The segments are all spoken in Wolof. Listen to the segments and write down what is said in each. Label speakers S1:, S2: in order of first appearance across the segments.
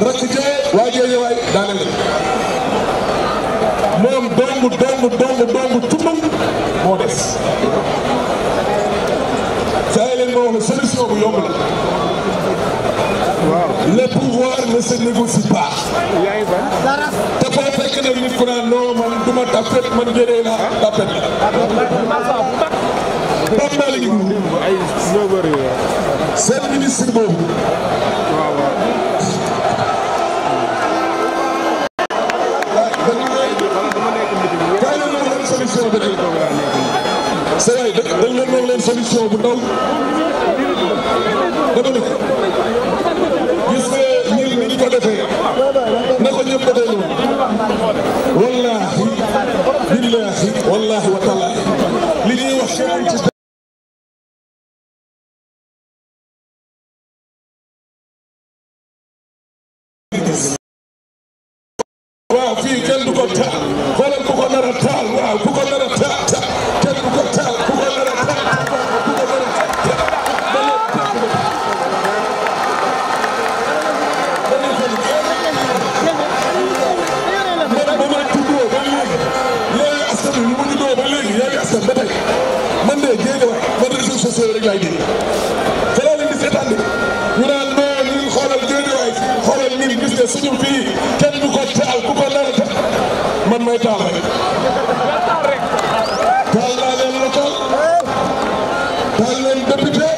S1: rakk ca waa Géejawaay daaneel moom dong dong dong dong tumbal moo des saa leen ma wax la solution bu yomb la le pouvoir ne se négocie pas te foo fekk nag nit ku naan non man du ma tapet man jëree la tapet Pape Malick Ndour seen ministre boobu seen bëgg saa yi dañ leen wax leen solution bu ndaw dama ne gis nga ñii ni ñu ko defee na ko ñëpp defee noonu wallaahi billaahi wallaahi wa taala li ñuy wax waaw fii kenn du ko taal te loolu di seetaan ñu naan non ñu ngi xoolal géejewaay xoolal ñun gis nga suñu fii kenn du ko taal ku ko nar a taal man may taal rek. taal naa leen local taal leen député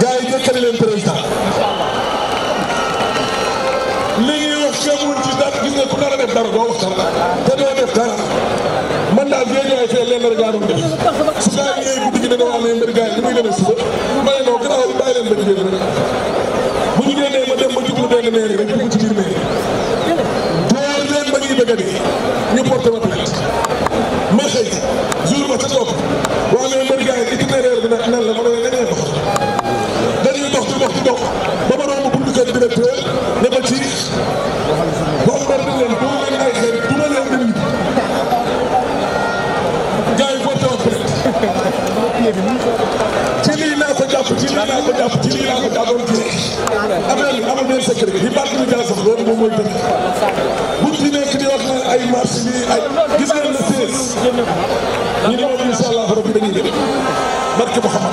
S1: gars yi jëkkale leen président li ñuy wax gëmul ci dara gis nga ku nar a def dara doo wax dara te doo def dara man daal géejewaay fee leen la ba jigéen rek bu ñu génnee ba dem ba jublu benn mairie rek dugg ci biir mairie door leen ba ñuy bëgg a dee ñu porté ma plainte ma xëy jour ba ca topp waa mais mbër gars yi itinéraire bi nag nan la ma ne leen dañuy dox dañuy dox di dox di dox ba ma romb buntu kër directeur laa ko jàpp ci lii laa ko jàppoon ci affaire bi amal benn secret bi barke bi daa sax loolu moom mooy dëgg bu ci nekk di wax naan ay marché bi ay gis ngeen na 16 ñu ne moom incha allah rabbi dañuy dem barke Muhammad